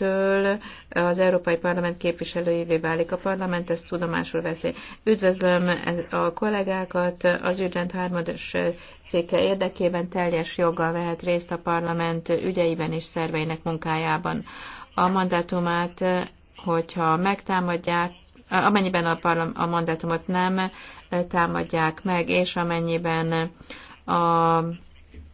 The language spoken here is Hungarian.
től az Európai Parlament képviselőjévé válik a parlament, ezt tudomásul veszi. Üdvözlöm a kollégákat, az ügyrend harmados cikke érdekében teljes joggal vehet részt a parlament ügyeiben és szerveinek munkájában. A mandátumát, hogyha megtámadják, amennyiben a, parlam, a mandátumot nem támadják meg, és amennyiben a